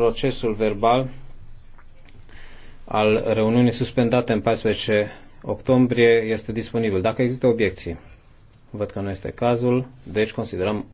procesul verbal al reuniunii suspendate în 14 octombrie este disponibil. Dacă există obiecții, văd că nu este cazul, deci considerăm